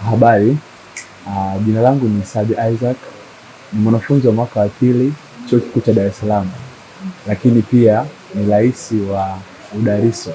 Habari, uh, jina langu ni Sadi Isaac, ni mwanafunzi wa mwaka wa pili chuo kikuu cha Dar es Salaam, lakini pia ni rais wa UDARISO,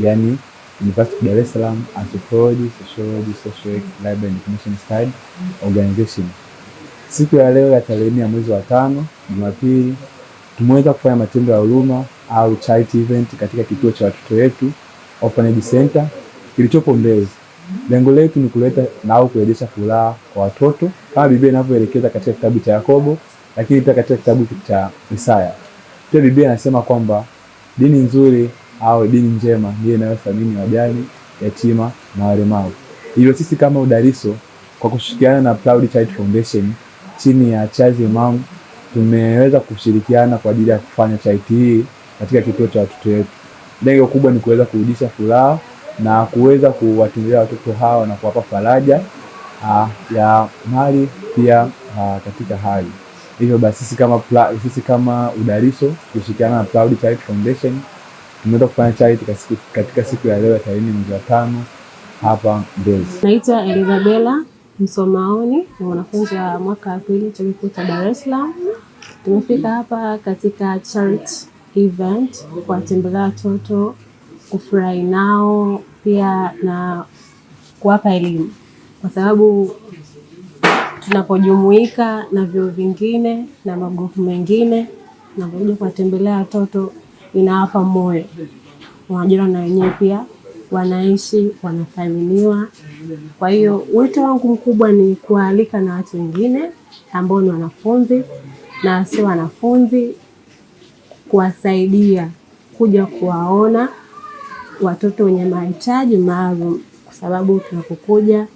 yani University of Dar es Salaam Anthropology, Sociology, Social Work, Library and Information Studies Organization. Siku ya leo ya tarehe nne ya mwezi wa tano, Jumapili, tumeweza kufanya matendo ya huruma au charity event katika kituo cha watoto wetu Orphanage Center kilichopo Mbezi. Lengo letu ni kuleta na au kurejesha furaha kwa watoto kama Biblia inavyoelekeza katika kitabu cha Yakobo, lakini pia katika kitabu cha Isaya. Pia Biblia inasema kwamba dini nzuri au dini njema ndiyo inayothamini wajane, yatima na walemavu. Hivyo sisi kama udariso kwa kushirikiana na Proud Child Foundation chini ya Chazi Mam tumeweza kushirikiana kwa ajili ya kufanya charity hii katika kituo cha watoto wetu. Lengo kubwa ni kuweza kurudisha furaha na kuweza kuwatembelea watoto hawa na kuwapa faraja ah, ya mali pia aa, ah, katika hali hivyo basi, sisi kama sisi kama udariso kushirikiana na Proud Child Foundation tumeweza kufanya charity katika siku ya leo ya tarehe mwezi wa tano hapa Mbezi. Naitwa Elizabela Msomaoni, ni mwanafunzi wa mwaka wa pili chuo kikuu cha Dar es Salaam. Tumefika hapa katika charity event kuwatembelea watoto, kufurahi nao, pia na kuwapa elimu, kwa sababu tunapojumuika na vyuo vingine na magrupu mengine, kuja kuwatembelea watoto, inawapa moyo, wanajua na wenyewe pia wanaishi wanathaminiwa. Kwa hiyo wito wangu mkubwa ni kuwaalika na watu wengine ambao ni wanafunzi na sio wanafunzi, kuwasaidia kuja kuwaona watoto wenye mahitaji maalum, kwa sababu tunapokuja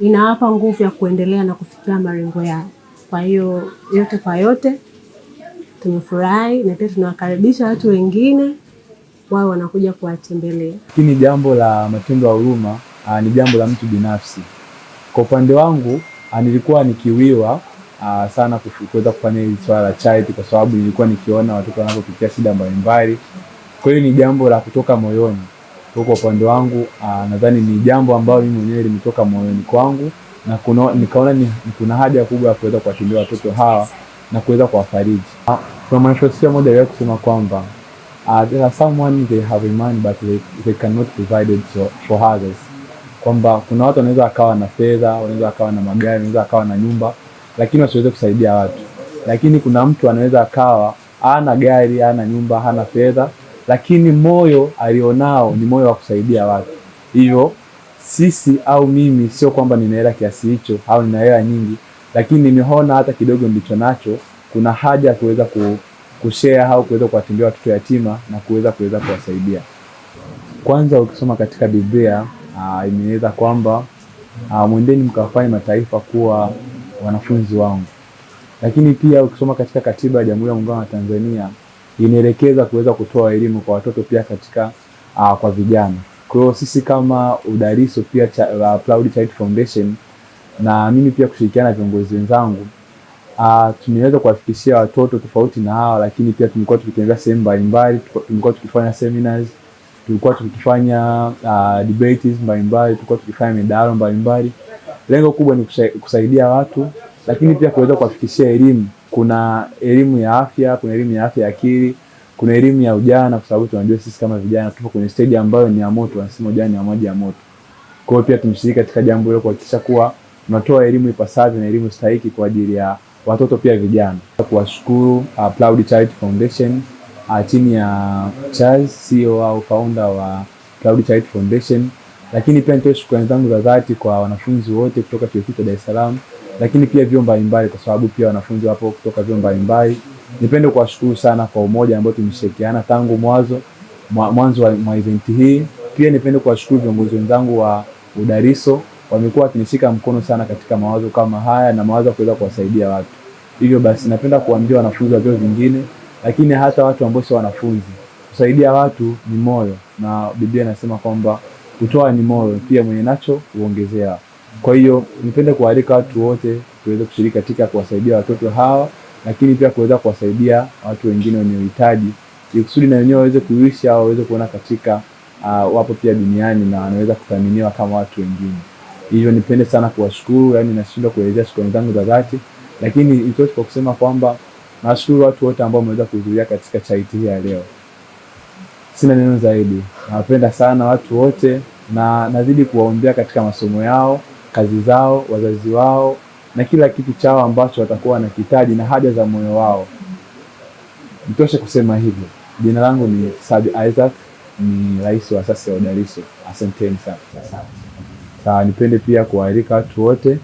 inawapa nguvu ya kuendelea na kufikia malengo yao. Kwa hiyo yote kwa yote tumefurahi, na pia tunawakaribisha watu wengine wao wanakuja kuwatembelea. Hili jambo la matendo ya huruma ah, ni jambo la mtu binafsi. Kwa upande wangu ah, nilikuwa nikiwiwa aa, ah, sana kuweza kufanya hili swala la charity, kwa sababu nilikuwa nikiona watoto wanapopitia shida mbalimbali kwa hiyo ni jambo la kutoka moyoni kwa kwa upande wangu, ah, nadhani ni jambo ambalo mimi mwenyewe limetoka moyoni kwangu na kuna, nikaona ni, ni kuna haja kubwa ya kuweza kuwashindia watoto hawa na kuweza kuwafariji. Ah, kuna mwanafilosofi moja aliwahi kusema kwamba uh, there are someone they have a man but they, they cannot provide so, for others, kwamba kuna watu wanaweza akawa na fedha, wanaweza akawa na magari, wanaweza akawa na nyumba, lakini wasiweze kusaidia watu. Lakini kuna mtu anaweza akawa hana gari, hana nyumba, hana fedha lakini moyo alionao ni moyo wa kusaidia watu. Hivyo sisi au mimi, sio kwamba nina hela kiasi hicho au nina hela nyingi, lakini nimeona hata kidogo ndicho nacho, kuna haja ya kuweza kushare au kuweza kuwatembea watoto yatima na kuweza kuweza kuwasaidia. Kwanza ukisoma katika Biblia ah, imeeleza kwamba ah, mwendeni mkawafanye mataifa kuwa wanafunzi wangu, lakini pia ukisoma katika katiba ya Jamhuri ya Muungano wa Tanzania inaelekeza kuweza kutoa elimu kwa watoto pia katika uh, kwa vijana. Kwa hiyo sisi kama udariso pia cha, uh, Proud Child Foundation na mimi pia kushirikiana na viongozi wenzangu uh, tumeweza kuwafikishia watoto tofauti na hawa, lakini pia tumekuwa tukitembea sehemu mbalimbali, tumekuwa tukifanya seminars, tulikuwa tukifanya uh, debates mbalimbali, tulikuwa tukifanya midahalo mbalimbali. Lengo kubwa ni kusaidia watu, lakini pia kuweza kuwafikishia elimu kuna elimu ya afya, kuna elimu ya afya ya akili, kuna elimu ya ujana, kwa sababu tunajua sisi kama vijana tupo kwenye stage ambayo ni ya moto, wanasema ujana ni maji ya moto. Kwa hiyo pia tumshiriki katika jambo hilo kuhakikisha kuwa tunatoa elimu ipasavyo na elimu stahiki kwa ajili ya watoto pia vijana. Kuwashukuru uh, Proud Child Foundation uh, chini ya Charles CEO au founder wa Proud Child Foundation, lakini pia nitoe shukrani zangu za dhati kwa wanafunzi wote kutoka chuo kikuu cha Dar es Salaam lakini pia vyuo mbalimbali, kwa sababu pia wanafunzi wapo kutoka vyuo mbalimbali. Nipende kuwashukuru sana kwa umoja ambao tumeshirikiana tangu mwanzo mwanzo wa mwa event hii. Pia nipende kuwashukuru viongozi wenzangu wa udariso, wamekuwa wakinishika mkono sana katika mawazo kama haya na mawazo ya kuweza kuwasaidia watu. Hivyo basi, napenda kuambia wanafunzi wa vyuo vingine, lakini hata watu ambao sio wanafunzi, kusaidia watu ni moyo, na Biblia inasema kwamba kutoa ni moyo, pia mwenye nacho uongezea kwa hiyo nipende kualika watu wote tuweze kushiriki katika kuwasaidia watoto hawa, lakini pia kuweza kuwasaidia watu wengine wenye uhitaji, ili kusudi na wenyewe waweze kuishi au waweze kuona katika uh, wapo pia duniani na wanaweza kuthaminiwa kama watu wengine. Hivyo nipende sana kuwashukuru, yani nashindwa kuelezea shukrani zangu za dhati, lakini itoshi kwa kusema kwamba nashukuru watu wote ambao wameweza kuhudhuria katika chaiti hii ya leo. Sina neno zaidi, nawapenda sana watu wote na nazidi kuwaombea katika masomo yao kazi zao, wazazi wao na kila kitu chao ambacho watakuwa wanakihitaji na haja za moyo wao. Mtoshe kusema hivyo. Jina langu ni Saad Isaac, ni rais wa asasi ya Asanteni sana. Nipende pia kuwaalika watu wote,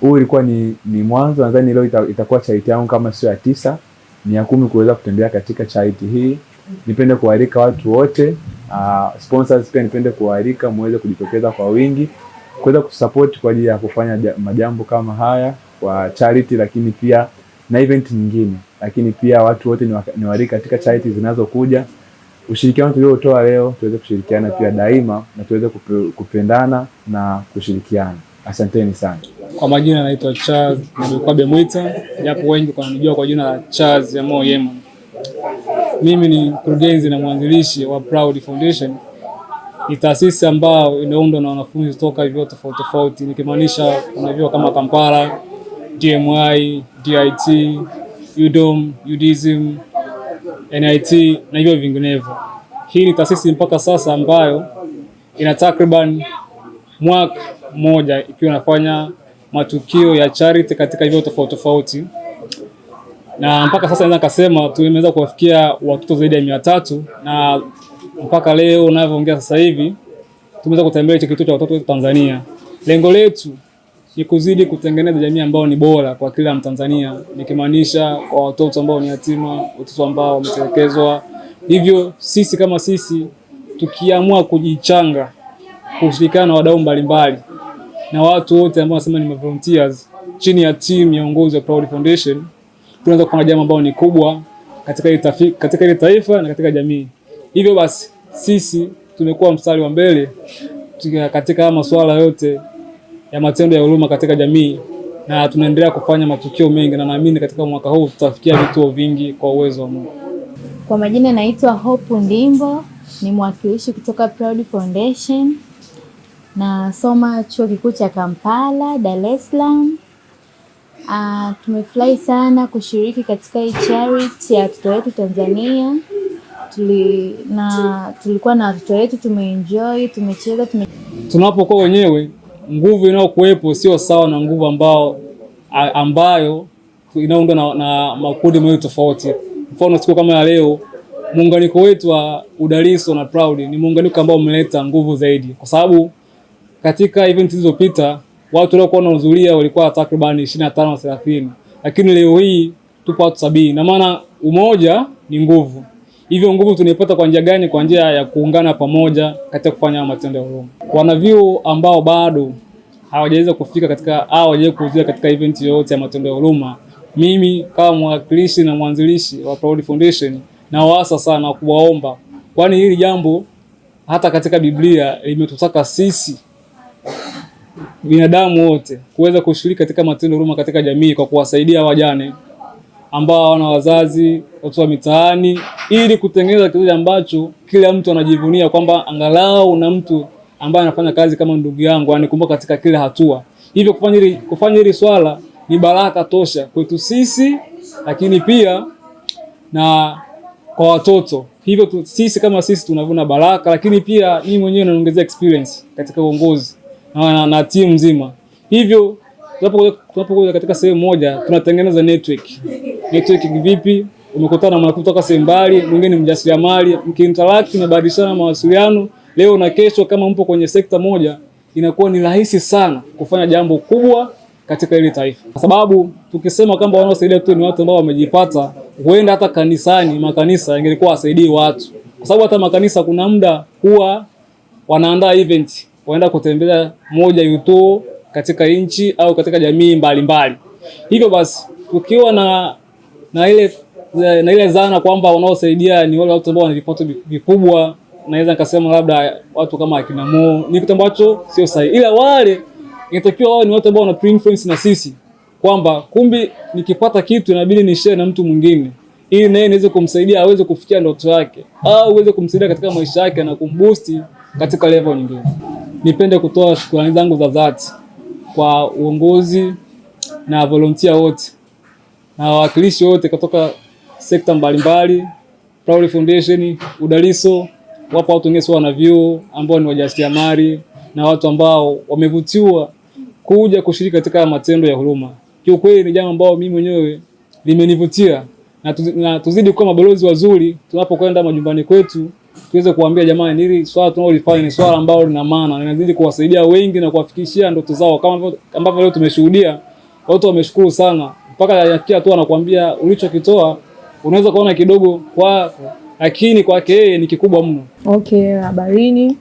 huu ilikuwa ni, ni mwanzo. Nadhani leo ita, itakuwa chaiti yangu kama sio ya tisa ni ya kumi kuweza kutembea katika chaiti hii. Nipende kuwaalika watu wote uh, sponsors pia nipende kuwaalika muweze kujitokeza kwa wingi kuweza kusupport kwa ajili ya kufanya majambo kama haya kwa charity, lakini pia na event nyingine, lakini pia watu wote ni waalike katika charity zinazokuja. Ushirikiano tuliotoa leo tuweze kushirikiana pia daima na tuweze kupendana na kushirikiana. Asanteni sana. Kwa majina naitwa Charles Mabekwabe Bemwita, japo wengi wananijua kwa jina la Charles Yamo Mimi ni mkurugenzi na mwanzilishi wa Proud Foundation ni taasisi ambayo inaundwa na wanafunzi kutoka vyuo tofauti tofauti, nikimaanisha kuna vyuo kama Kampala, DMI, DIT, UDOM, UDISM, NIT na hivyo vinginevyo. Hii ni taasisi mpaka sasa ambayo ina takriban mwaka mmoja ikiwa inafanya matukio ya charity katika vyuo tofauti tofauti, na mpaka sasa naweza kusema tumeweza kuwafikia watoto zaidi ya mia tatu na mpaka leo unavyoongea sasa hivi tumeweza kutembelea hicho kituo cha watoto wetu Tanzania. Lengo letu ni kuzidi kutengeneza jamii ambayo ni bora kwa kila Mtanzania, nikimaanisha kwa watoto ambao ni yatima, watoto ambao wametelekezwa. Hivyo sisi kama sisi tukiamua kujichanga, kushirikiana na wadau mbalimbali na watu wote ambao wanasema ni volunteers chini ya timu ya uongozi wa Proud Foundation, tunaweza kufanya jambo ambalo ni kubwa katika ile taifa na katika jamii. Hivyo basi sisi tumekuwa mstari wa mbele katika masuala yote ya matendo ya huruma katika jamii na tunaendelea kufanya matukio mengi, na naamini katika mwaka huu tutafikia vituo vingi kwa uwezo wa Mungu. Kwa majina naitwa Hope Ndimbo, ni mwakilishi kutoka Proud Foundation, nasoma chuo kikuu cha Kampala, Dar es Salaam. Ah, tumefurahi sana kushiriki katika hii charity ya watoto wetu Tanzania tuli, na tulikuwa na watoto wetu, tumeenjoy, tumecheza, tume... tunapokuwa wenyewe nguvu inayokuwepo sio sawa na nguvu ambao ambayo inaundwa na, na makundi mawili tofauti. Mfano siku kama ya leo muunganiko wetu wa udaliso na Proud ni muunganiko ambao umeleta nguvu zaidi, kwa sababu katika event zilizopita watu waliokuwa wanahudhuria walikuwa takriban 25 30, lakini leo hii tupo watu sabini, na maana umoja ni nguvu. Hivyo nguvu tunaipata kwa njia gani? Kwa njia ya kuungana pamoja katika kufanya matendo ya huruma. Wanavyuo ambao bado hawajaweza kufika katika au hawajaweza kuhudhuria katika event yoyote ya matendo ya huruma, mimi kama mwakilishi na mwanzilishi wa Proud Foundation nawaasa sana kuwaomba, kwani hili jambo hata katika Biblia limetutaka sisi binadamu wote kuweza kushiriki katika matendo huruma katika jamii kwa kuwasaidia wajane ambao hawana wazazi, watoto wa mitaani, ili kutengeneza kizazi ambacho kila mtu anajivunia kwamba angalau na mtu ambaye anafanya kazi kama ndugu yangu, anikumbuka katika kila hatua. Hivyo kufanya hili kufanya hili swala ni baraka tosha kwetu sisi, lakini pia na kwa watoto. Hivyo tu, sisi kama sisi tunavuna baraka, lakini pia mimi mwenyewe naongezea experience katika uongozi na, na, na timu nzima hivyo tunapokuja katika sehemu moja tunatengeneza network. Network vipi? Umekutana na mwanafunzi kutoka sehemu mbali, mwingine mjasiriamali, mkiinteract na badilishana mawasiliano leo na kesho, kama mpo kwenye sekta moja, inakuwa ni rahisi sana kufanya jambo kubwa katika ile taifa, kwa sababu tukisema kwamba wanaosaidia tu ni watu ambao wamejipata, huenda hata kanisani, makanisa yangelikuwa wasaidii watu, kwa sababu hata makanisa kuna muda huwa wanaandaa event, waenda kutembelea moja yuto katika nchi au katika jamii mbalimbali. Hivyo basi ukiwa na, na ile na ile zana kwamba wanaosaidia ni wale watu ambao wana vipato vikubwa, naweza nikasema labda watu kama akina Mo, ni kitu ambacho sio sahihi, ila wale inatakiwa wao ni watu ambao wana influence na sisi kwamba kumbi nikipata kitu inabidi ni share na mtu mwingine ili naye niweze kumsaidia aweze kufikia ndoto yake au aweze kumsaidia katika maisha yake na kumboost katika level nyingine. Nipende kutoa shukrani zangu za dhati kwa uongozi na volunteer wote na wawakilishi wote kutoka sekta mbalimbali, Proud Foundation, Udaliso, wapo watu wengine sio vyuo ambao ni wajasiriamali na watu ambao wamevutiwa kuja kushiriki katika matendo ya huruma. Kiukweli ni jambo ambalo mimi mwenyewe limenivutia na, na tuzidi kuwa mabalozi wazuri tunapokwenda majumbani kwetu tuweze kuambia jamani, hili swala tunalofanya ni swala ambalo lina maana, linazidi kuwasaidia wengi na kuwafikishia ndoto zao, kama ambavyo leo tumeshuhudia watu wameshukuru sana, mpaka yafikia tu anakuambia ulichokitoa unaweza kuona kidogo kwa lakini kwake yeye ni kikubwa mno. Okay, habarini.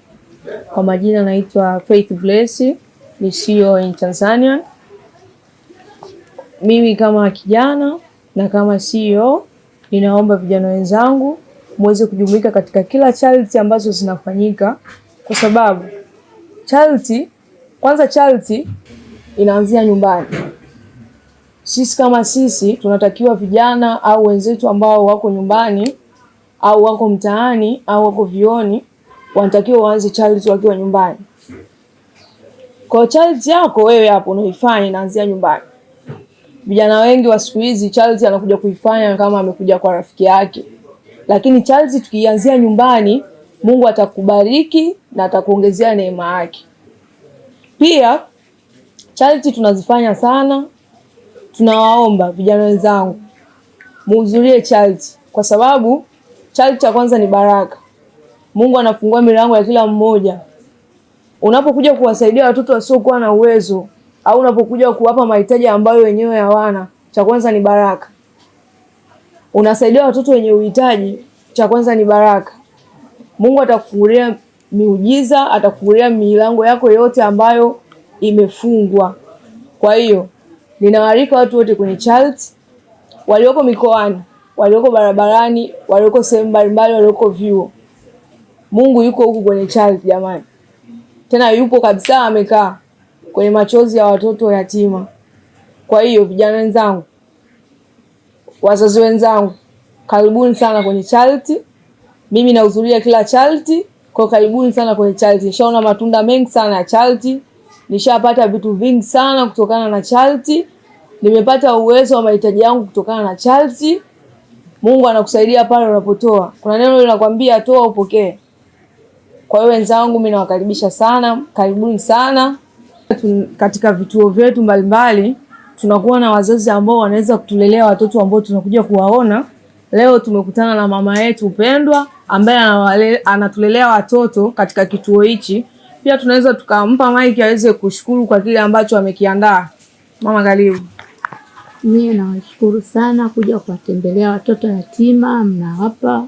Kwa majina naitwa Faith Bless, ni CEO in Tanzania. Mimi kama kijana na kama CEO ninaomba vijana wenzangu muweze kujumuika katika kila charity ambazo zinafanyika, kwa sababu charity, kwanza charity inaanzia nyumbani. Sisi kama sisi tunatakiwa vijana au wenzetu ambao wako nyumbani au wako mtaani au wako vioni, wanatakiwa waanze charity wakiwa nyumbani. Kwa charity yako wewe hapo unaifanya inaanzia nyumbani. Vijana wengi wa siku hizi charity anakuja kuifanya kama amekuja kwa rafiki yake lakini Charles, tukianzia nyumbani, Mungu atakubariki na atakuongezea neema yake. Pia charity tunazifanya sana, tunawaomba vijana wenzangu muhudhurie charity, kwa sababu charity cha kwanza ni baraka. Mungu anafungua milango ya kila mmoja. Unapokuja kuwasaidia watoto wasiokuwa na uwezo au unapokuja kuwapa mahitaji ambayo wenyewe hawana, cha kwanza ni baraka unasaidia watoto wenye uhitaji, cha kwanza ni baraka. Mungu atakufungulia miujiza, atakufungulia milango yako yote ambayo imefungwa. Kwa hiyo ninawaalika watu wote kwenye Charity walioko mikoani, walioko barabarani, walioko sehemu mbalimbali, walioko vyuo. Mungu yuko huku kwenye Charity jamani, tena yupo kabisa, amekaa kwenye machozi ya watoto yatima. Kwa hiyo vijana wenzangu Wazazi wenzangu, karibuni sana kwenye charity. Mimi nahudhuria kila charity, kwa karibuni sana kwenye charity. Nishaona matunda mengi sana ya charity, nishapata vitu vingi sana kutokana na charity, nimepata uwezo wa mahitaji yangu kutokana na charity. Mungu anakusaidia pale unapotoa. Kuna neno linakwambia toa upokee. Kwa hiyo wenzangu, mimi nawakaribisha sana, karibuni sana katika vituo vyetu mbalimbali tunakuwa na wazazi ambao wanaweza kutulelea watoto ambao tunakuja kuwaona leo. Tumekutana na mama yetu upendwa ambaye anatulelea watoto katika kituo hichi. Pia tunaweza tukampa maiki aweze kushukuru kwa kile ambacho amekiandaa. Mama, karibu. Mimi nawashukuru sana kuja kuwatembelea watoto yatima, mnawapa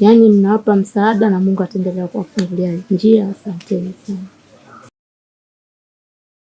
yani mnawapa msaada na Mungu atendelea kuwafungulia njia. Asanteni sana.